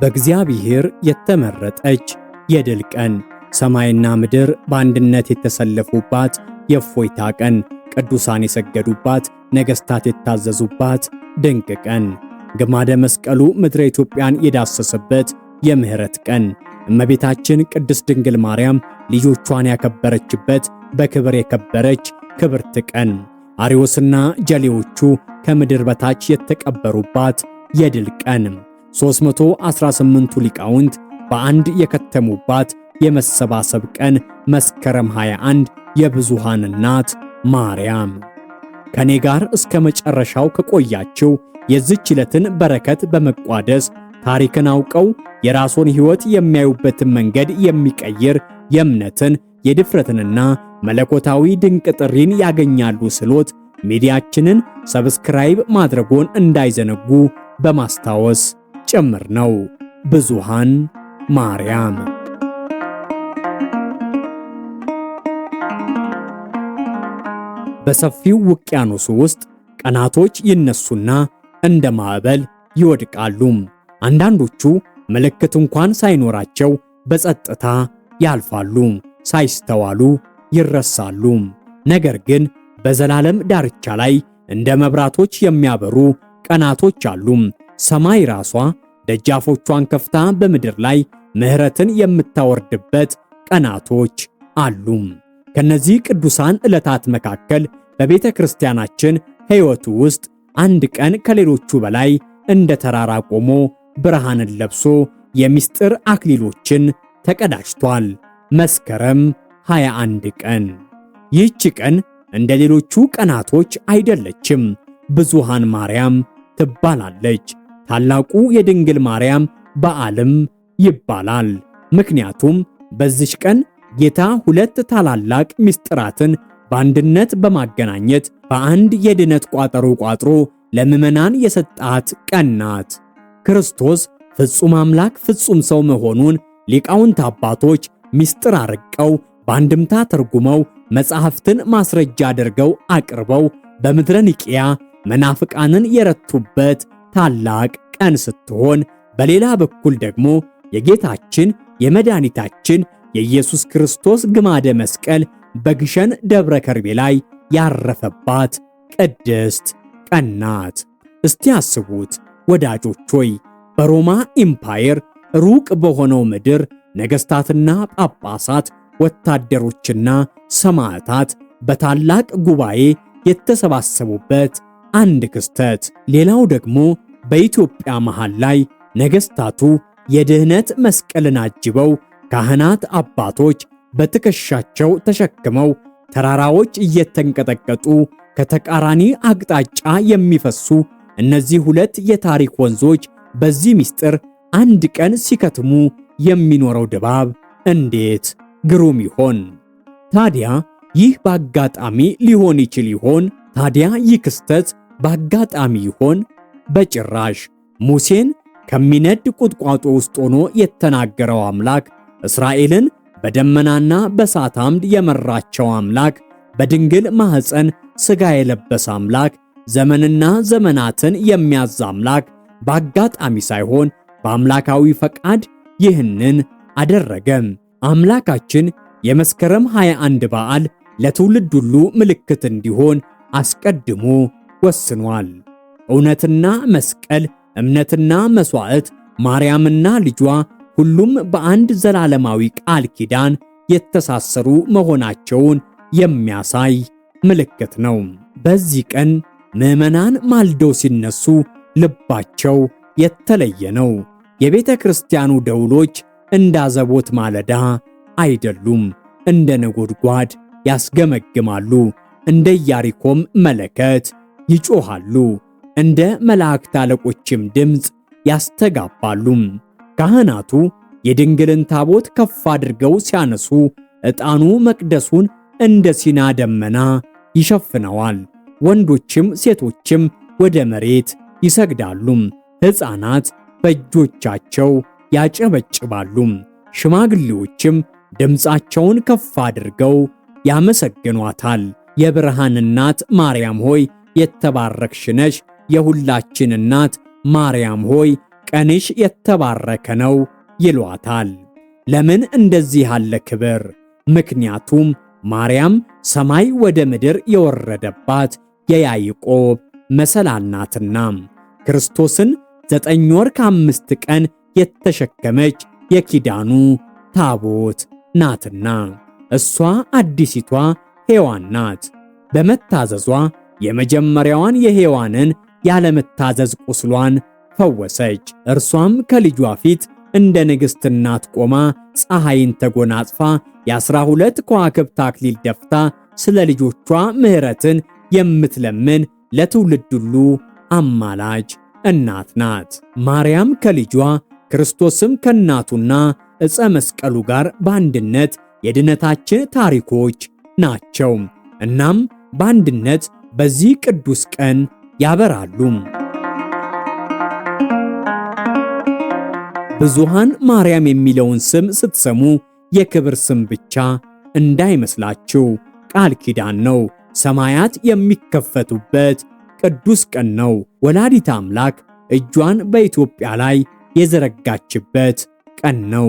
በእግዚአብሔር የተመረጠች የድል ቀን፣ ሰማይና ምድር በአንድነት የተሰለፉባት የእፎይታ ቀን፣ ቅዱሳን የሰገዱባት፣ ነገሥታት የታዘዙባት ድንቅ ቀን፣ ግማደ መስቀሉ ምድረ ኢትዮጵያን የዳሰሰበት የምሕረት ቀን፣ እመቤታችን ቅድስት ድንግል ማርያም ልጆቿን ያከበረችበት በክብር የከበረች ክብርት ቀን፣ አሪዎስና ጀሌዎቹ ከምድር በታች የተቀበሩባት የድል ቀን 318ቱ ሊቃውንት በአንድ የከተሙባት የመሰባሰብ ቀን መስከረም 21 የብዙሃን እናት ማርያም ከኔ ጋር እስከ መጨረሻው ከቆያችሁ የዚች ዕለትን በረከት በመቋደስ ታሪክን አውቀው የራስዎን ሕይወት የሚያዩበትን መንገድ የሚቀይር የእምነትን የድፍረትንና መለኮታዊ ድንቅ ጥሪን ያገኛሉ ስሎት ሚዲያችንን ሰብስክራይብ ማድረጎን እንዳይዘነጉ በማስታወስ ጭምር ነው። ብዙሃን ማርያም በሰፊው ውቅያኖሱ ውስጥ ቀናቶች ይነሱና እንደ ማዕበል ይወድቃሉ። አንዳንዶቹ ምልክት እንኳን ሳይኖራቸው በጸጥታ ያልፋሉ፣ ሳይስተዋሉ ይረሳሉ። ነገር ግን በዘላለም ዳርቻ ላይ እንደ መብራቶች የሚያበሩ ቀናቶች አሉ። ሰማይ ራሷ ደጃፎቿን ከፍታ በምድር ላይ ምሕረትን የምታወርድበት ቀናቶች አሉ። ከነዚህ ቅዱሳን ዕለታት መካከል በቤተ ክርስቲያናችን ሕይወቱ ውስጥ አንድ ቀን ከሌሎቹ በላይ እንደ ተራራ ቆሞ ብርሃንን ለብሶ የምስጢር አክሊሎችን ተቀዳጅቷል። መስከረም 21 ቀን። ይህች ቀን እንደ ሌሎቹ ቀናቶች አይደለችም። ብዙሃን ማርያም ትባላለች። ታላቁ የድንግል ማርያም በዓልም ይባላል። ምክንያቱም በዚች ቀን ጌታ ሁለት ታላላቅ ምስጢራትን በአንድነት በማገናኘት በአንድ የድነት ቋጠሮ ቋጥሮ ለምዕመናን የሰጣት ቀን ናት። ክርስቶስ ፍጹም አምላክ ፍጹም ሰው መሆኑን ሊቃውንት አባቶች ምስጢር አርቀው በአንድምታ ተርጉመው መጻሕፍትን ማስረጃ አድርገው አቅርበው በምድረ ኒቅያ መናፍቃንን የረቱበት ታላቅ ቀን ስትሆን በሌላ በኩል ደግሞ የጌታችን የመድኃኒታችን የኢየሱስ ክርስቶስ ግማደ መስቀል በግሸን ደብረ ከርቤ ላይ ያረፈባት ቅድስት ቀን ናት። እስቲ አስቡት ወዳጆች ሆይ በሮማ ኢምፓየር ሩቅ በሆነው ምድር ነገሥታትና ጳጳሳት፣ ወታደሮችና ሰማዕታት በታላቅ ጉባኤ የተሰባሰቡበት አንድ ክስተት፣ ሌላው ደግሞ በኢትዮጵያ መሃል ላይ ነገስታቱ የደህነት መስቀልን አጅበው ካህናት አባቶች በትከሻቸው ተሸክመው ተራራዎች እየተንቀጠቀጡ ከተቃራኒ አቅጣጫ የሚፈሱ እነዚህ ሁለት የታሪክ ወንዞች በዚህ ምስጢር አንድ ቀን ሲከትሙ የሚኖረው ድባብ እንዴት ግሩም ይሆን! ታዲያ ይህ በአጋጣሚ ሊሆን ይችል ይሆን? ታዲያ ይህ ክስተት በአጋጣሚ ይሆን? በጭራሽ ሙሴን ከሚነድ ቁጥቋጦ ውስጥ ሆኖ የተናገረው አምላክ እስራኤልን በደመናና በእሳት አምድ የመራቸው አምላክ በድንግል ማኅፀን ሥጋ የለበሰ አምላክ ዘመንና ዘመናትን የሚያዝ አምላክ በአጋጣሚ ሳይሆን በአምላካዊ ፈቃድ ይህንን አደረገም። አምላካችን የመስከረም 21 በዓል ለትውልድ ሁሉ ምልክት እንዲሆን አስቀድሞ ወስኗል። እውነትና መስቀል፣ እምነትና መሥዋዕት፣ ማርያምና ልጇ ሁሉም በአንድ ዘላለማዊ ቃል ኪዳን የተሳሰሩ መሆናቸውን የሚያሳይ ምልክት ነው። በዚህ ቀን ምዕመናን ማልደው ሲነሱ ልባቸው የተለየ ነው። የቤተ ክርስቲያኑ ደውሎች እንዳዘቦት ማለዳ አይደሉም፣ እንደ ነጎድጓድ ያስገመግማሉ፣ እንደ ኢያሪኮም መለከት ይጮኻሉ። እንደ መላእክት አለቆችም ድምፅ ያስተጋባሉ። ካህናቱ የድንግልን ታቦት ከፍ አድርገው ሲያነሱ ዕጣኑ መቅደሱን እንደ ሲና ደመና ይሸፍነዋል። ወንዶችም ሴቶችም ወደ መሬት ይሰግዳሉ። ሕፃናት በእጆቻቸው ያጨበጭባሉ። ሽማግሌዎችም ድምፃቸውን ከፍ አድርገው ያመሰግኗታል። የብርሃን እናት ማርያም ሆይ የተባረክሽ ነሽ የሁላችን እናት ማርያም ሆይ ቀንሽ የተባረከ ነው ይሏታል። ለምን እንደዚህ ያለ ክብር? ምክንያቱም ማርያም ሰማይ ወደ ምድር የወረደባት የያዕቆብ መሰላል ናትና ክርስቶስን ዘጠኝ ወር ከአምስት ቀን የተሸከመች የኪዳኑ ታቦት ናትና እሷ አዲሲቷ ሔዋን ናት። በመታዘዟ የመጀመሪያዋን የሔዋንን ያለመታዘዝ ቁስሏን ፈወሰች። እርሷም ከልጇ ፊት እንደ ንግሥት እናት ቆማ ፀሐይን ተጎናጽፋ የአስራ ሁለት ከዋክብት አክሊል ደፍታ ስለ ልጆቿ ምሕረትን የምትለምን ለትውልድ ሁሉ አማላጅ እናት ናት። ማርያም ከልጇ ክርስቶስም ከእናቱና ዕፀ መስቀሉ ጋር በአንድነት የድነታችን ታሪኮች ናቸው። እናም በአንድነት በዚህ ቅዱስ ቀን ያበራሉ። ብዙሃን ማርያም የሚለውን ስም ስትሰሙ የክብር ስም ብቻ እንዳይመስላችሁ ቃል ኪዳን ነው። ሰማያት የሚከፈቱበት ቅዱስ ቀን ነው። ወላዲት አምላክ እጇን በኢትዮጵያ ላይ የዘረጋችበት ቀን ነው።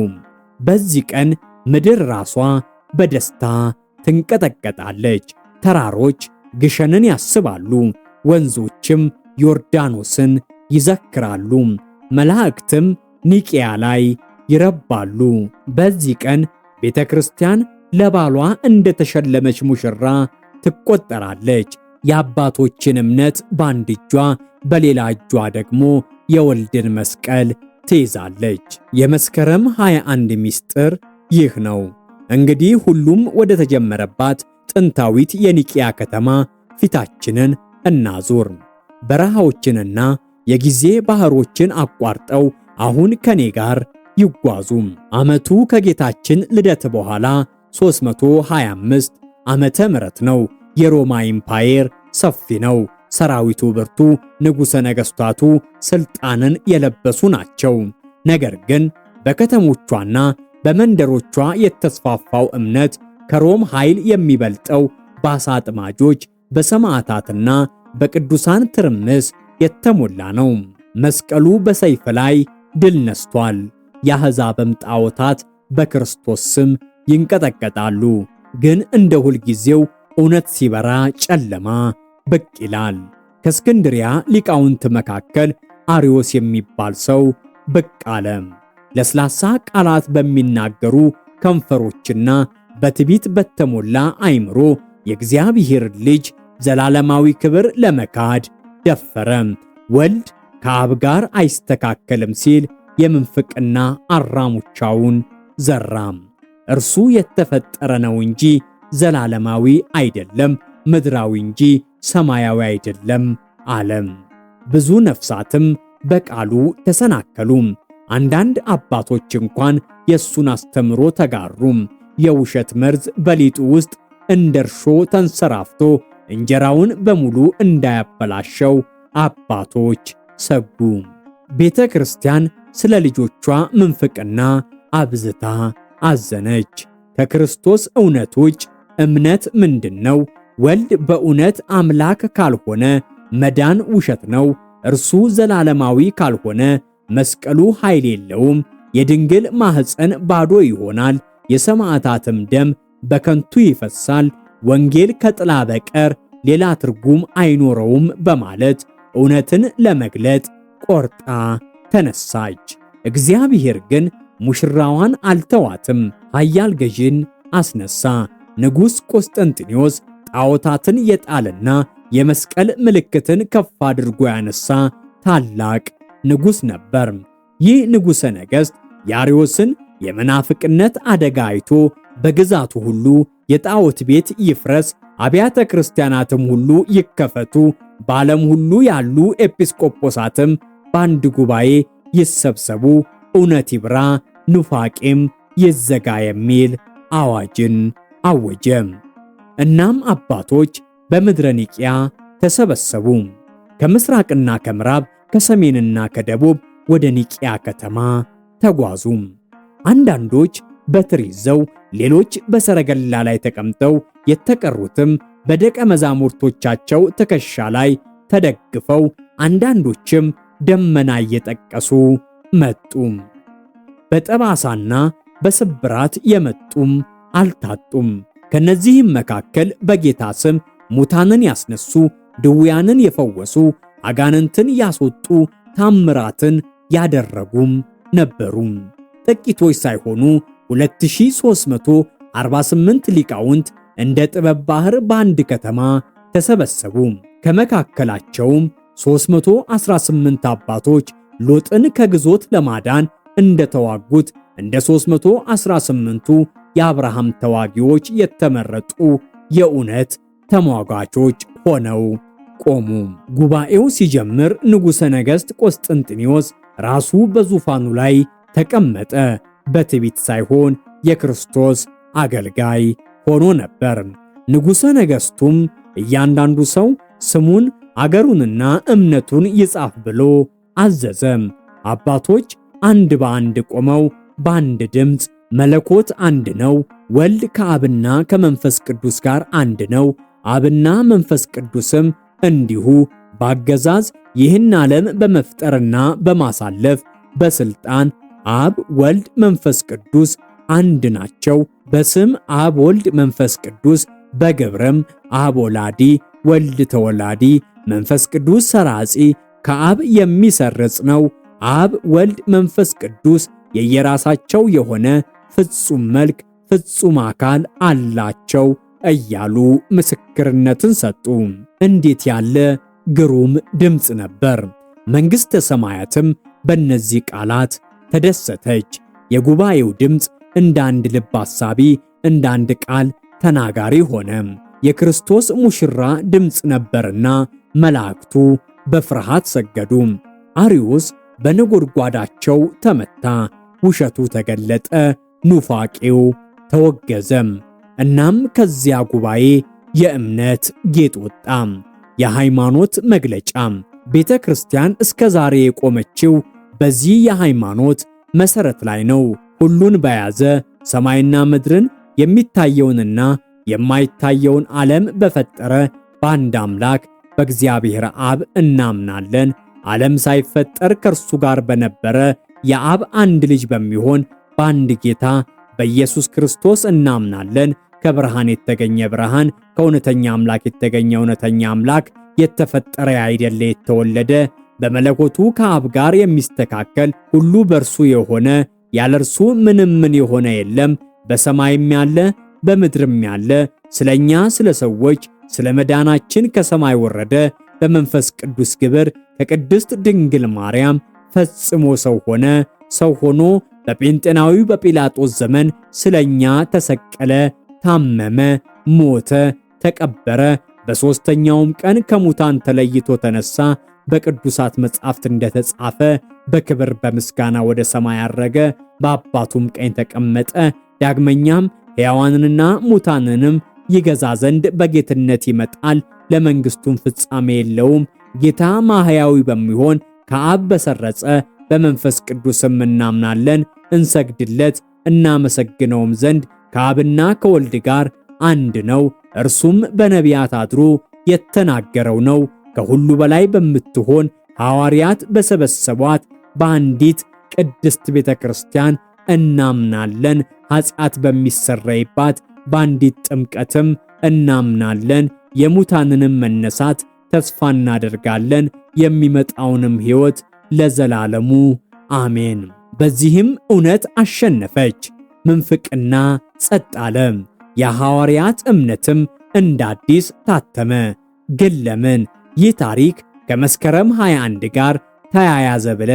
በዚህ ቀን ምድር ራሷ በደስታ ትንቀጠቀጣለች። ተራሮች ግሸንን ያስባሉ። ወንዞችም ዮርዳኖስን ይዘክራሉ። መላእክትም ኒቅያ ላይ ይረባሉ። በዚህ ቀን ቤተ ክርስቲያን ለባሏ እንደተሸለመች ሙሽራ ትቆጠራለች። የአባቶችን እምነት በአንድ እጇ በሌላ እጇ ደግሞ የወልድን መስቀል ትይዛለች። የመስከረም 21 ምስጢር ይህ ነው። እንግዲህ ሁሉም ወደ ተጀመረባት ጥንታዊት የኒቅያ ከተማ ፊታችንን እናዞር። በረሃዎችንና የጊዜ ባህሮችን አቋርጠው አሁን ከኔ ጋር ይጓዙ! ዓመቱ ከጌታችን ልደት በኋላ 325 ዓመተ ምረት ነው። የሮማ ኢምፓየር ሰፊ ነው። ሰራዊቱ ብርቱ፣ ንጉሠ ነገሥታቱ ሥልጣንን የለበሱ ናቸው። ነገር ግን በከተሞቿና በመንደሮቿ የተስፋፋው እምነት ከሮም ኃይል የሚበልጠው በአሳ አጥማጆች በሰማዕታትና በቅዱሳን ትርምስ የተሞላ ነው። መስቀሉ በሰይፍ ላይ ድል ነስቷል። የአሕዛብም ጣዖታት በክርስቶስ ስም ይንቀጠቀጣሉ። ግን እንደ ሁልጊዜው እውነት ሲበራ ጨለማ ብቅ ይላል። ከእስክንድሪያ ሊቃውንት መካከል አሪዮስ የሚባል ሰው ብቅ አለ። ለስላሳ ቃላት በሚናገሩ ከንፈሮችና በትቢት በተሞላ አይምሮ። የእግዚአብሔር ልጅ ዘላለማዊ ክብር ለመካድ ደፈረ። ወልድ ከአብ ጋር አይስተካከልም ሲል የምንፍቅና አራሙቻውን ዘራም። እርሱ የተፈጠረ ነው እንጂ ዘላለማዊ አይደለም፣ ምድራዊ እንጂ ሰማያዊ አይደለም አለም። ብዙ ነፍሳትም በቃሉ ተሰናከሉ። አንዳንድ አባቶች እንኳን የእሱን አስተምሮ ተጋሩም። የውሸት መርዝ በሊጡ ውስጥ እንደ እርሾ ተንሰራፍቶ እንጀራውን በሙሉ እንዳያበላሸው አባቶች ሰጉ። ቤተ ክርስቲያን ስለ ልጆቿ ምንፍቅና አብዝታ አዘነች። ከክርስቶስ እውነት ውጭ እምነት ምንድን ነው? ወልድ በእውነት አምላክ ካልሆነ መዳን ውሸት ነው። እርሱ ዘላለማዊ ካልሆነ መስቀሉ ኃይል የለውም። የድንግል ማህፀን ባዶ ይሆናል። የሰማዕታትም ደም በከንቱ ይፈሳል፣ ወንጌል ከጥላ በቀር ሌላ ትርጉም አይኖረውም በማለት እውነትን ለመግለጥ ቆርጣ ተነሳች። እግዚአብሔር ግን ሙሽራዋን አልተዋትም። ኃያል ገዢን አስነሳ። ንጉሥ ቆስጠንጢኖስ ጣዖታትን የጣለና የመስቀል ምልክትን ከፍ አድርጎ ያነሳ ታላቅ ንጉሥ ነበር። ይህ ንጉሠ ነገሥት የአርዮስን የመናፍቅነት አደጋ አይቶ በግዛቱ ሁሉ የጣዖት ቤት ይፍረስ፣ አብያተ ክርስቲያናትም ሁሉ ይከፈቱ፣ በዓለም ሁሉ ያሉ ኤጲስቆጶሳትም በአንድ ጉባኤ ይሰብሰቡ፣ እውነት ይብራ፣ ኑፋቄም ይዘጋ የሚል አዋጅን አወጀ። እናም አባቶች በምድረ ኒቅያ ተሰበሰቡ። ከምስራቅና ከምዕራብ ከሰሜንና ከደቡብ ወደ ኒቅያ ከተማ ተጓዙ። አንዳንዶች በትር ይዘው ሌሎች በሰረገላ ላይ ተቀምጠው የተቀሩትም በደቀ መዛሙርቶቻቸው ትከሻ ላይ ተደግፈው አንዳንዶችም ደመና እየጠቀሱ መጡም። በጠባሳና በስብራት የመጡም አልታጡም። ከነዚህም መካከል በጌታ ስም ሙታንን ያስነሱ፣ ድውያንን የፈወሱ፣ አጋንንትን ያስወጡ፣ ታምራትን ያደረጉም ነበሩም። ጥቂቶች ሳይሆኑ 2348 ሊቃውንት እንደ ጥበብ ባህር በአንድ ከተማ ተሰበሰቡ። ከመካከላቸውም 318 አባቶች ሎጥን ከግዞት ለማዳን እንደተዋጉት እንደ 318ቱ የአብርሃም ተዋጊዎች የተመረጡ የእውነት ተሟጋቾች ሆነው ቆሙ። ጉባኤው ሲጀምር ንጉሠ ነገሥት ቆስጥንጥኒዎስ ራሱ በዙፋኑ ላይ ተቀመጠ። በትዕቢት ሳይሆን የክርስቶስ አገልጋይ ሆኖ ነበር። ንጉሠ ነገሥቱም እያንዳንዱ ሰው ስሙን አገሩንና እምነቱን ይጻፍ ብሎ አዘዘም። አባቶች አንድ በአንድ ቆመው በአንድ ድምፅ መለኮት አንድ ነው፣ ወልድ ከአብና ከመንፈስ ቅዱስ ጋር አንድ ነው፣ አብና መንፈስ ቅዱስም እንዲሁ በአገዛዝ ይህን ዓለም በመፍጠርና በማሳለፍ በስልጣን አብ ወልድ መንፈስ ቅዱስ አንድ ናቸው። በስም አብ ወልድ መንፈስ ቅዱስ፣ በግብርም አብ ወላዲ ወልድ ተወላዲ መንፈስ ቅዱስ ሰራጺ ከአብ የሚሰርጽ ነው። አብ ወልድ መንፈስ ቅዱስ የየራሳቸው የሆነ ፍጹም መልክ ፍጹም አካል አላቸው እያሉ ምስክርነትን ሰጡ። እንዴት ያለ ግሩም ድምፅ ነበር! መንግሥተ ሰማያትም በእነዚህ ቃላት ተደሰተች። የጉባኤው ድምፅ እንደ አንድ ልብ አሳቢ፣ እንደ አንድ ቃል ተናጋሪ ሆነ። የክርስቶስ ሙሽራ ድምፅ ነበርና መላእክቱ በፍርሃት ሰገዱ። አሪዮስ በነጎድጓዳቸው ተመታ፣ ውሸቱ ተገለጠ፣ ኑፋቄው ተወገዘ። እናም ከዚያ ጉባኤ የእምነት ጌጥ ወጣ፣ የሃይማኖት መግለጫ። ቤተ ክርስቲያን እስከ ዛሬ የቆመችው በዚህ የሃይማኖት መሰረት ላይ ነው። ሁሉን በያዘ ሰማይና ምድርን የሚታየውንና የማይታየውን ዓለም በፈጠረ በአንድ አምላክ በእግዚአብሔር አብ እናምናለን። ዓለም ሳይፈጠር ከእርሱ ጋር በነበረ የአብ አንድ ልጅ በሚሆን በአንድ ጌታ በኢየሱስ ክርስቶስ እናምናለን። ከብርሃን የተገኘ ብርሃን፣ ከእውነተኛ አምላክ የተገኘ እውነተኛ አምላክ፣ የተፈጠረ አይደለ የተወለደ በመለኮቱ ከአብ ጋር የሚስተካከል ሁሉ በርሱ የሆነ ያለ እርሱ ምንም ምን የሆነ የለም፣ በሰማይም ያለ በምድርም ያለ ስለኛ ስለ ሰዎች ስለ መዳናችን ከሰማይ ወረደ፣ በመንፈስ ቅዱስ ግብር ከቅድስት ድንግል ማርያም ፈጽሞ ሰው ሆነ። ሰው ሆኖ በጴንጤናዊው በጲላጦስ ዘመን ስለኛ ተሰቀለ፣ ታመመ፣ ሞተ፣ ተቀበረ። በሦስተኛውም ቀን ከሙታን ተለይቶ ተነሳ። በቅዱሳት መጻሕፍት እንደተጻፈ በክብር በምስጋና ወደ ሰማይ አረገ፣ በአባቱም ቀኝ ተቀመጠ። ዳግመኛም ሕያዋንንና ሙታንንም ይገዛ ዘንድ በጌትነት ይመጣል፣ ለመንግሥቱም ፍጻሜ የለውም። ጌታ ማሕያዊ በሚሆን ከአብ በሰረጸ በመንፈስ ቅዱስም እናምናለን፣ እንሰግድለት፣ እናመሰግነውም ዘንድ ከአብና ከወልድ ጋር አንድ ነው። እርሱም በነቢያት አድሮ የተናገረው ነው። ከሁሉ በላይ በምትሆን ሐዋርያት በሰበሰቧት በአንዲት ቅድስት ቤተ ክርስቲያን እናምናለን፣ ኃጢአት በሚሰረይባት በአንዲት ጥምቀትም እናምናለን፣ የሙታንንም መነሳት ተስፋ እናደርጋለን፣ የሚመጣውንም ሕይወት ለዘላለሙ አሜን። በዚህም እውነት አሸነፈች፣ ምንፍቅና ጸጥ አለ። የሐዋርያት እምነትም እንደ አዲስ ታተመ። ግን ለምን? ይህ ታሪክ ከመስከረም 21 ጋር ተያያዘ ብለ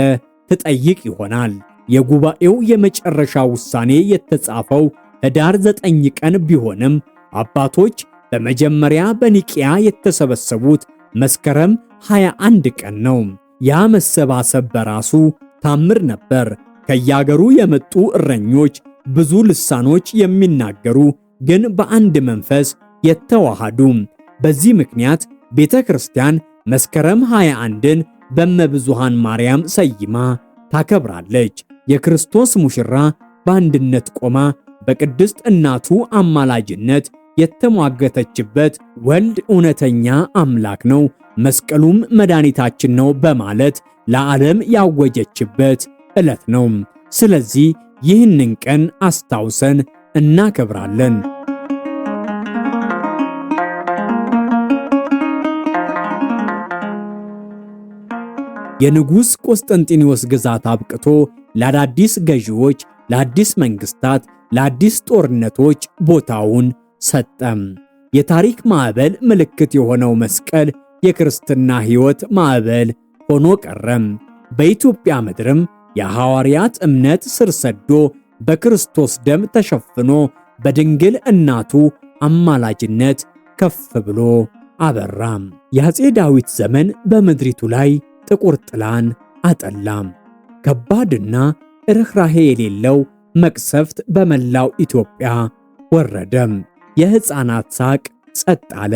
ትጠይቅ ይሆናል። የጉባኤው የመጨረሻ ውሳኔ የተጻፈው ህዳር 9 ቀን ቢሆንም አባቶች በመጀመሪያ በኒቂያ የተሰበሰቡት መስከረም 21 ቀን ነው። ያ መሰባሰብ በራሱ ታምር ነበር። ከያገሩ የመጡ እረኞች፣ ብዙ ልሳኖች የሚናገሩ ግን በአንድ መንፈስ የተዋሃዱ። በዚህ ምክንያት ቤተ ክርስቲያን መስከረም 21ን በመብዙሃን ማርያም ሰይማ ታከብራለች። የክርስቶስ ሙሽራ በአንድነት ቆማ በቅድስት እናቱ አማላጅነት የተሟገተችበት ወልድ እውነተኛ አምላክ ነው፣ መስቀሉም መድኃኒታችን ነው በማለት ለዓለም ያወጀችበት ዕለት ነው። ስለዚህ ይህንን ቀን አስታውሰን እናከብራለን። የንጉሥ ቆስጠንጢኒዎስ ግዛት አብቅቶ ለአዳዲስ ገዢዎች፣ ለአዲስ መንግስታት፣ ለአዲስ ጦርነቶች ቦታውን ሰጠም። የታሪክ ማዕበል ምልክት የሆነው መስቀል የክርስትና ሕይወት ማዕበል ሆኖ ቀረም። በኢትዮጵያ ምድርም የሐዋርያት እምነት ስር ሰዶ በክርስቶስ ደም ተሸፍኖ በድንግል እናቱ አማላጅነት ከፍ ብሎ አበራም። የአፄ ዳዊት ዘመን በምድሪቱ ላይ ጥቁር ጥላን አጠላም። ከባድና ርኅራሄ የሌለው መቅሰፍት በመላው ኢትዮጵያ ወረደም። የሕፃናት ሳቅ ጸጥ አለ።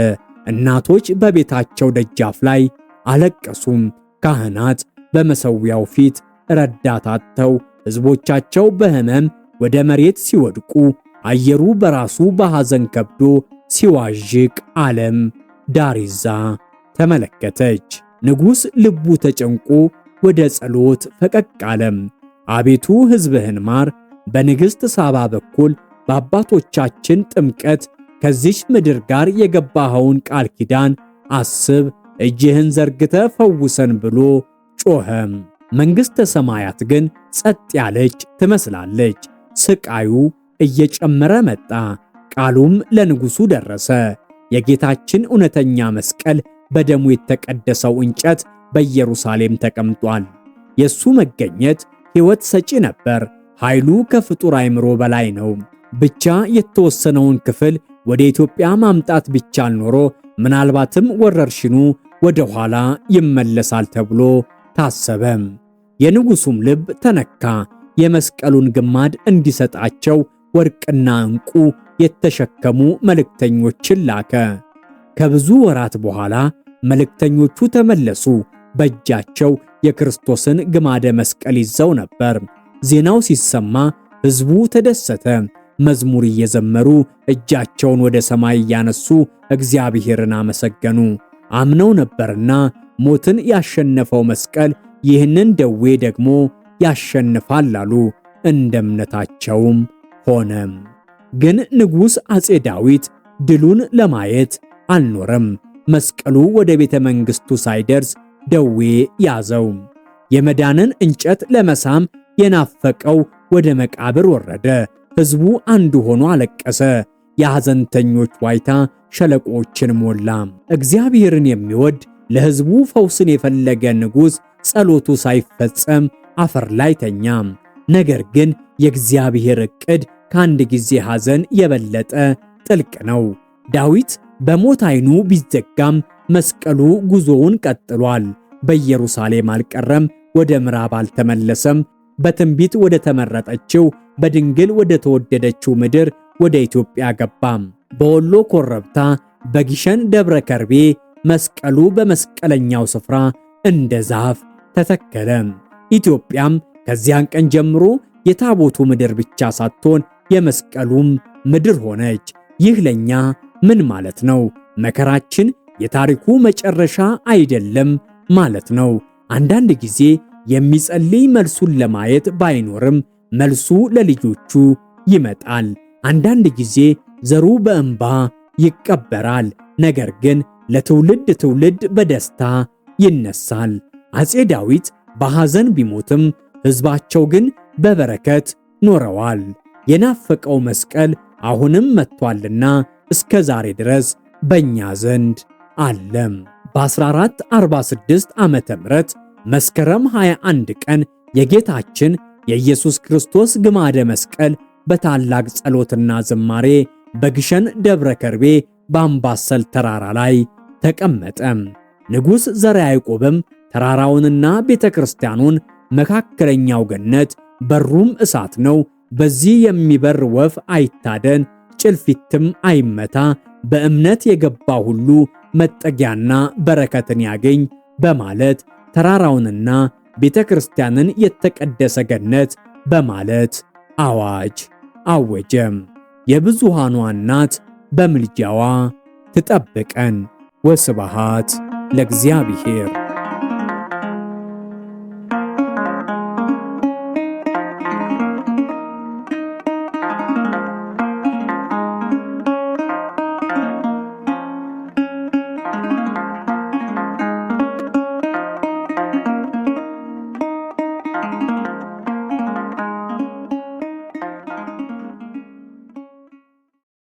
እናቶች በቤታቸው ደጃፍ ላይ አለቀሱም። ካህናት በመሠዊያው ፊት ረዳት አጥተው ሕዝቦቻቸው በሕመም ወደ መሬት ሲወድቁ፣ አየሩ በራሱ በሐዘን ከብዶ ሲዋዥቅ ዓለም ዳሪዛ ተመለከተች። ንጉሥ ልቡ ተጨንቆ ወደ ጸሎት ፈቀቅ አለም። አቤቱ ሕዝብህን ማር፣ በንግሥት ሳባ በኩል በአባቶቻችን ጥምቀት ከዚች ምድር ጋር የገባኸውን ቃል ኪዳን አስብ፣ እጅህን ዘርግተ ፈውሰን ብሎ ጮኸም። መንግሥተ ሰማያት ግን ጸጥ ያለች ትመስላለች። ስቃዩ እየጨመረ መጣ። ቃሉም ለንጉሡ ደረሰ። የጌታችን እውነተኛ መስቀል በደሙ የተቀደሰው እንጨት በኢየሩሳሌም ተቀምጧል። የሱ መገኘት ሕይወት ሰጪ ነበር። ኃይሉ ከፍጡር አእምሮ በላይ ነው። ብቻ የተወሰነውን ክፍል ወደ ኢትዮጵያ ማምጣት ቢቻል ኖሮ ምናልባትም ወረርሽኑ ወደ ኋላ ይመለሳል ተብሎ ታሰበም። የንጉሱም ልብ ተነካ። የመስቀሉን ግማድ እንዲሰጣቸው ወርቅና ዕንቁ የተሸከሙ መልእክተኞችን ላከ። ከብዙ ወራት በኋላ መልእክተኞቹ ተመለሱ። በእጃቸው የክርስቶስን ግማደ መስቀል ይዘው ነበር። ዜናው ሲሰማ ሕዝቡ ተደሰተ። መዝሙር እየዘመሩ እጃቸውን ወደ ሰማይ እያነሱ እግዚአብሔርን አመሰገኑ። አምነው ነበርና ሞትን ያሸነፈው መስቀል ይህንን ደዌ ደግሞ ያሸንፋል አሉ። እንደ እምነታቸውም ሆነ። ግን ንጉሥ አፄ ዳዊት ድሉን ለማየት አልኖረም። መስቀሉ ወደ ቤተ መንግሥቱ ሳይደርስ ደዌ ያዘው። የመዳንን እንጨት ለመሳም የናፈቀው ወደ መቃብር ወረደ። ሕዝቡ አንዱ ሆኖ አለቀሰ። የሐዘንተኞች ዋይታ ሸለቆችን ሞላ። እግዚአብሔርን የሚወድ ለሕዝቡ ፈውስን የፈለገ ንጉሥ ጸሎቱ ሳይፈጸም አፈር ላይ ተኛ። ነገር ግን የእግዚአብሔር ዕቅድ ከአንድ ጊዜ ሐዘን የበለጠ ጥልቅ ነው። ዳዊት በሞት አይኑ ቢዘጋም መስቀሉ ጉዞውን ቀጥሏል። በኢየሩሳሌም አልቀረም፣ ወደ ምዕራብ አልተመለሰም። በትንቢት ወደ ተመረጠችው በድንግል ወደ ተወደደችው ምድር ወደ ኢትዮጵያ ገባም። በወሎ ኮረብታ በጊሸን ደብረ ከርቤ መስቀሉ በመስቀለኛው ስፍራ እንደ ዛፍ ተተከለ። ኢትዮጵያም ከዚያን ቀን ጀምሮ የታቦቱ ምድር ብቻ ሳትሆን የመስቀሉም ምድር ሆነች። ይህ ለኛ ። ምን ማለት ነው? መከራችን የታሪኩ መጨረሻ አይደለም ማለት ነው። አንዳንድ ጊዜ የሚጸልይ መልሱን ለማየት ባይኖርም መልሱ ለልጆቹ ይመጣል። አንዳንድ ጊዜ ዘሩ በእንባ ይቀበራል፣ ነገር ግን ለትውልድ ትውልድ በደስታ ይነሳል። አጼ ዳዊት በሐዘን ቢሞትም ሕዝባቸው ግን በበረከት ኖረዋል። የናፈቀው መስቀል አሁንም መጥቷልና እስከ ዛሬ ድረስ በእኛ ዘንድ አለም። በ1446 ዓመተ ምህረት መስከረም 21 ቀን የጌታችን የኢየሱስ ክርስቶስ ግማደ መስቀል በታላቅ ጸሎትና ዝማሬ በግሸን ደብረ ከርቤ በአምባሰል ተራራ ላይ ተቀመጠ። ንጉሥ ዘርዓ ያዕቆብም ተራራውንና ቤተ ክርስቲያኑን መካከለኛው ገነት በሩም እሳት ነው፣ በዚህ የሚበር ወፍ አይታደን ጭልፊትም አይመታ፣ በእምነት የገባ ሁሉ መጠጊያና በረከትን ያገኝ በማለት ተራራውንና ቤተ ክርስቲያንን የተቀደሰ ገነት በማለት አዋጅ አወጀም። የብዙሃኗ እናት በምልጃዋ ትጠብቀን። ወስብሃት ለእግዚአብሔር።